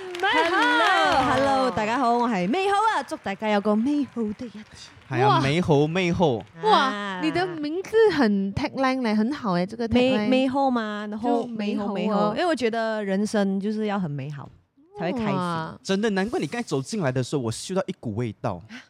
你好 hello,，hello，大家好，家好我是美好啊，祝大家有個美好的一天。係啊，美好美好。哇、啊，你的名字很 tagline 嚟，很好誒、欸，這個。美美好嘛，然後美好美好。因為我覺得人生就是要很美好，哦、才會開心。真的，難怪你剛才走進來的時候，我嗅到一股味道。啊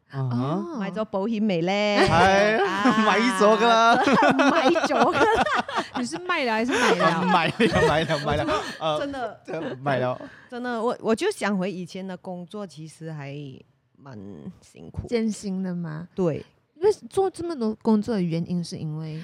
哦、uh -huh. uh -huh.，買咗保險未咧？係買咗噶啦，買咗，啊、 你是賣啦還是買了買、uh, 了買啦買啦，真的買、uh, 了真的我我就想回以前的工作，其實還蠻辛苦，艱辛的嗎？對，因為做這麼多工作的原因是因為。